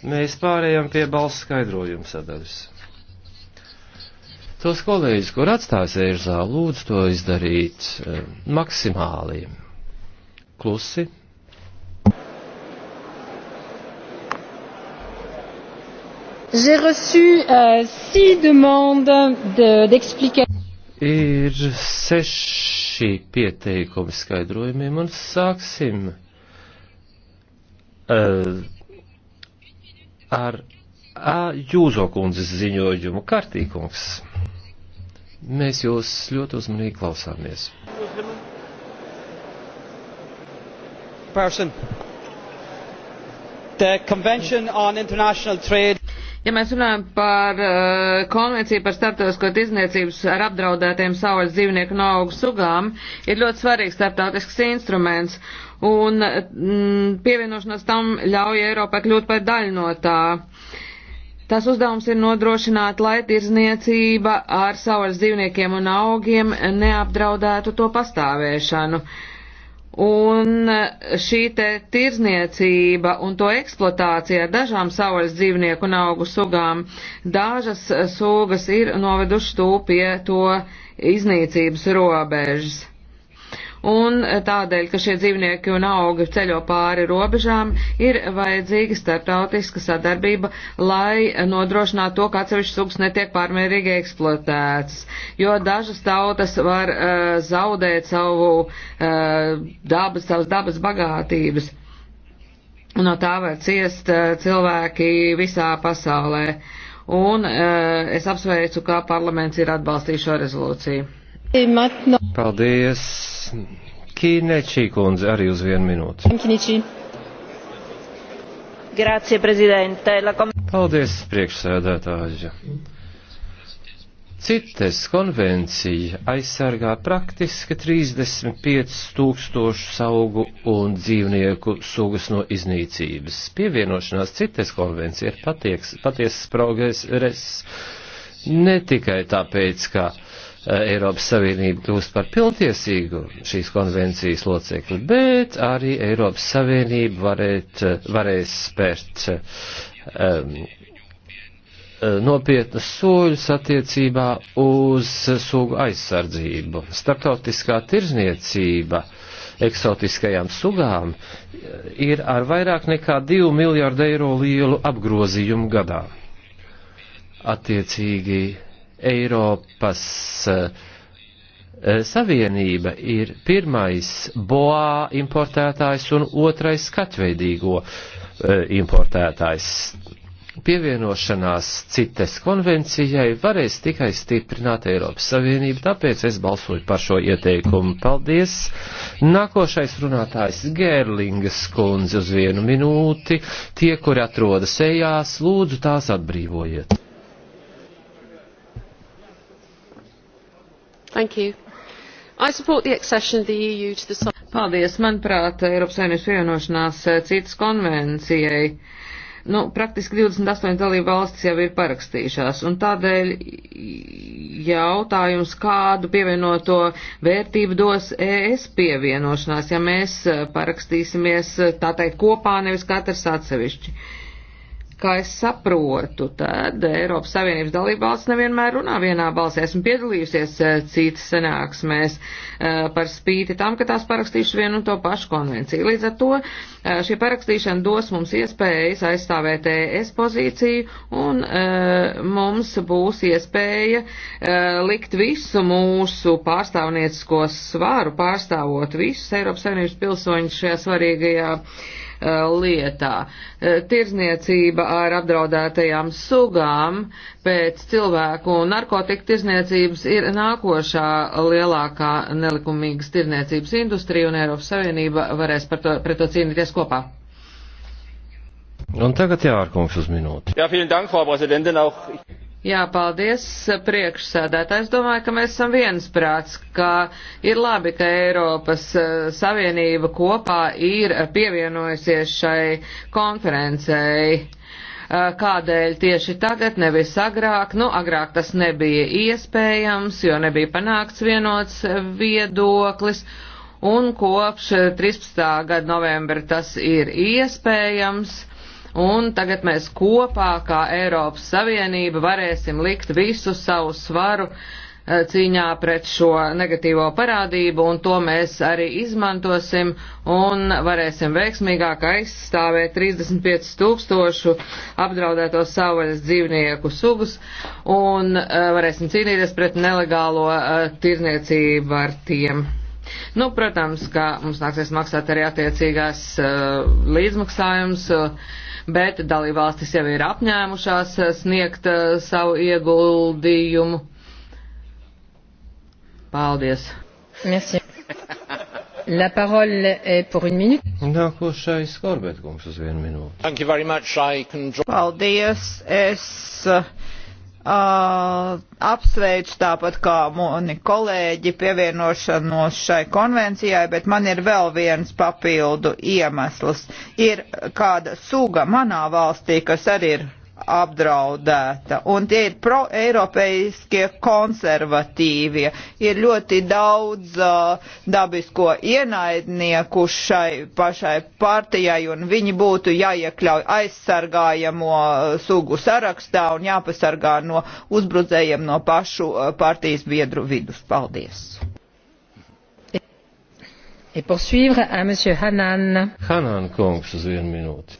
Mēs pārējām pie balss skaidrojuma sadaļas. Tos kolēģis, kur atstās ērzā, lūdzu to izdarīt eh, maksimāli klusi. J'ai reçu euh, six demandes d'explication. De, Ir seši pieteikumi skaidrojumiem un sāksim. Uh, ar A. Jūzo kundzes ziņojumu. Kartīkungs, mēs jūs ļoti uzmanīgi klausāmies. Person. The Convention on International Trade Ja mēs runājam par uh, konvenciju par starptautisko izniecības ar apdraudētiem savvaļas dzīvnieku un augu sugām, ir ļoti svarīgs starptautisks instruments, un mm, pievienošanās tam ļauj Eiropai kļūt par daļu no tā. Tas uzdevums ir nodrošināt, lai tirzniecība ar savvaļas dzīvniekiem un augiem neapdraudētu to pastāvēšanu. Uh, Un šī te tirzniecība un to eksploatācija ar dažām savas dzīvnieku un augu sugām, dažas sugas ir novedušas tūp pie to iznīcības robežas un tādēļ, ka šie dzīvnieki un augi ceļo pāri robežām, ir vajadzīga starptautiska sadarbība, lai nodrošinātu to, ka atsevišķas sugas netiek pārmērīgi eksploatētas, jo dažas tautas var uh, zaudēt savu uh, dabas, savas dabas bagātības. Un no tā var ciest uh, cilvēki visā pasaulē. Un uh, es apsveicu, kā parlaments ir atbalstījis šo rezolūciju. Paldies. Kīnečī kundze arī uz vienu minūti. Grācie, prezidente. Paldies, priekšsēdētāji. CITES konvencija aizsargā praktiski 35 tūkstošu augu un dzīvnieku sugas no iznīcības. Pievienošanās CITES konvencija ir patieks, patiesas progress ne tikai tāpēc, ka Eh, Eiropas Savienība kļūst par pilntiesīgu šīs konvencijas locekli, bet arī Eiropas Savienība varēt, eh, varēs spērt um, nopietnas soļus attiecībā uz sugu aizsardzību. Startautiskā tirzniecība eksotiskajām sugām ir ar vairāk nekā 2 miljārdu eiro lielu apgrozījumu gadā. Attiecīgi Eiropas eh, eh, Savienība ir pirmais boā importētājs un otrais skatveidīgo eh, importētājs. Pievienošanās citas konvencijai varēs tikai stiprināt Eiropas Savienību, tāpēc es balsoju par šo ieteikumu. Paldies! Nākošais runātājs Gērlingas kundze uz vienu minūti. Tie, kuri atrodas ejās, lūdzu tās atbrīvojiet. Thank you. I support the accession of the EU to the... Paldies, manuprāt, Eiropas Savienības pievienošanās eh, citas konvencijai. Nu, praktiski 28 dalību valstis jau ir parakstījušās, un tādēļ jautājums, kādu pievienoto vērtību dos ES pievienošanās, ja mēs eh, parakstīsimies, eh, tā teikt, kopā, nevis katrs atsevišķi. Uh, Kā es saprotu, tad Eiropas Savienības dalībvalsts nevienmēr runā vienā balsī. Esmu piedalījusies eh, citas sanāksmēs eh, par spīti tam, ka tās parakstījuši vienu un to pašu konvenciju. Līdz ar to eh, šī parakstīšana dos mums iespējas aizstāvēt ES pozīciju un mums būs iespēja likt visu mūsu pārstāvniecisko svaru, pārstāvot visus Eiropas Savienības pilsoņus šajā svarīgajā Eh, lietā. Eh, tirzniecība ar apdraudētajām sugām pēc cilvēku un narkotiku tirzniecības ir nākošā lielākā nelikumīgas tirzniecības industrija, un Eiropas Savienība varēs par to, pret to cīnīties kopā. Un tagad jārkungs uz minūti. Jā, ja, dank, Frau Präsidentin, auch... Jā, paldies, priekšsēdētāji. Es domāju, ka mēs esam viensprāts, ka ir labi, ka Eiropas eh, Savienība kopā ir pievienojusies šai konferencei eh, kādēļ tieši tagad, nevis agrāk. Nu, agrāk tas nebija iespējams, jo nebija panākts vienots viedoklis. Un kopš 13. gada novembra tas ir iespējams un tagad mēs kopā, kā Eiropas Savienība, varēsim likt visu savu svaru eh, cīņā pret šo negatīvo parādību, un to mēs arī izmantosim un varēsim veiksmīgāk aizstāvēt 35 tūkstošu apdraudēto savvaļas dzīvnieku sugus, un eh, varēsim cīnīties pret nelegālo eh, tirniecību ar tiem. Nu, protams, ka mums nāksies maksāt arī attiecīgās uh, līdzmaksājums. Uh, bet dalībvalstis jau ir apņēmušās sniegt eh, savu ieguldījumu. Paldies! Merci. La parole est pour une minute. Nākošais Korbetkungs uz vienu minūti. Paldies! Es Uh, apsveicu tāpat kā mani kolēģi pievienošanos šai konvencijai, bet man ir vēl viens papildu iemesls. Ir kāda suga manā valstī, kas arī ir apdraudēta. Un tie ir pro-eiropeiskie konservatīvie. Ir ļoti daudz uh, dabisko ienaidnieku šai pašai partijai, un viņi būtu jāiekļauj aizsargājamo uh, sugu sarakstā un jāpasargā no uzbrucējiem no pašu uh, partijas biedru vidus. Paldies! Et poursuivre à M. Hanan. Hanan kungs uz vienu minūti.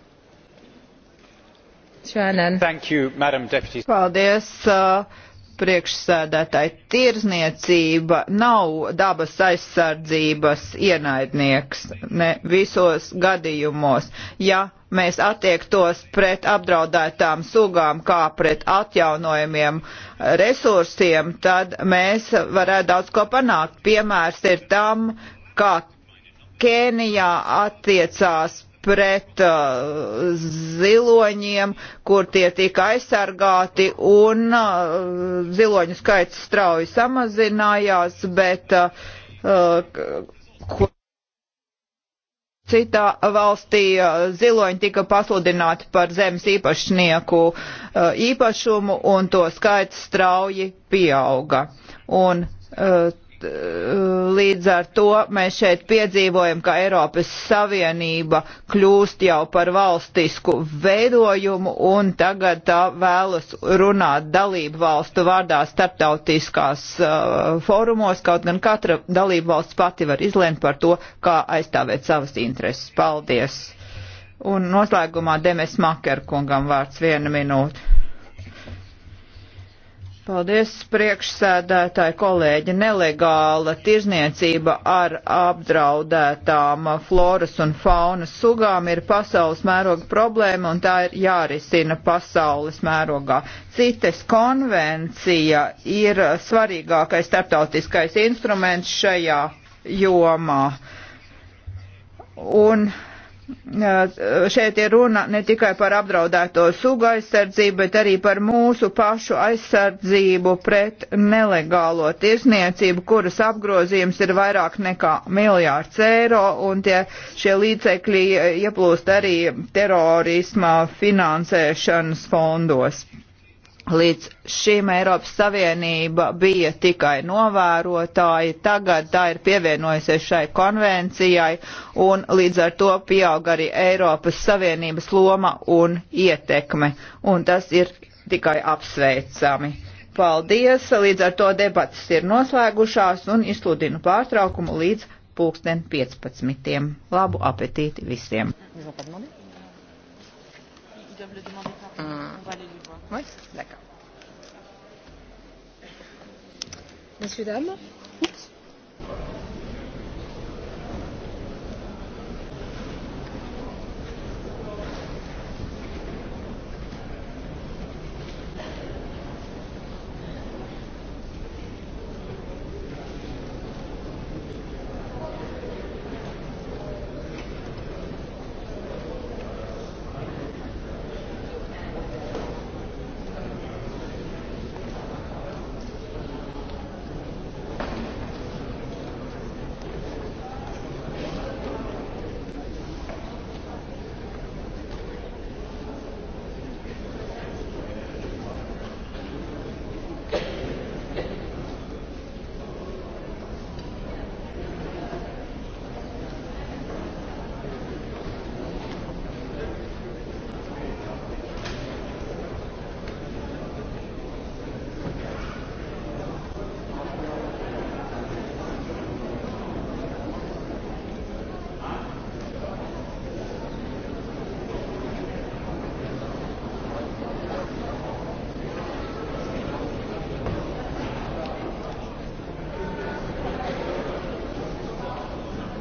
You, Paldies, uh, priekšsēdētāji. Tirzniecība nav dabas aizsardzības ienaidnieks ne visos gadījumos. Ja mēs attiektos pret apdraudētām sugām kā pret atjaunojumiem resursiem, tad mēs varētu daudz ko panākt. Piemērs ir tam, kā Kēnijā attiecās pret uh, ziloņiem, kur tie tika aizsargāti, un uh, ziloņu skaits strauji samazinājās, bet uh, uh citā valstī uh, ziloņi tika pasludināti par zemes īpašnieku uh, īpašumu, un to skaits strauji pieauga. Un, uh, Eh, līdz ar to mēs šeit piedzīvojam, ka Eiropas Savienība kļūst jau par valstisku veidojumu un tagad tā vēlas runāt dalību valstu vārdā starptautiskās uh, fórumos, kaut gan katra dalību valsts pati var izlēmt par to, kā aizstāvēt savas intereses. Paldies! Un noslēgumā Demes Maker kungam vārds viena minūte. Paldies, priekšsēdētāji kolēģi. Nelegāla tirzniecība ar apdraudētām floras un faunas sugām ir pasaules mēroga problēma un tā ir jārisina pasaules mērogā. CITES konvencija ir svarīgākais starptautiskais instruments šajā jomā. Un Šeit ir runa ne tikai par apdraudēto sugu aizsardzību, bet arī par mūsu pašu aizsardzību pret nelegālo tirsniecību, kuras apgrozījums ir vairāk nekā miljārds eiro, un tie, šie līdzekļi ieplūst arī terorisma finansēšanas fondos. Līdz šim Eiropas Savienība bija tikai novērotāji, tagad tā ir pievienojusies šai konvencijai un līdz ar to pieaug arī Eiropas Savienības loma un ietekme. Un tas ir tikai apsveicami. Paldies! Līdz ar to debatas ir noslēgušās un izsludinu pārtraukumu līdz pulksten 15. Labu apetīti visiem! doivent le demander par hum. On va aller les voir. Oui, d'accord. Messieurs, dames.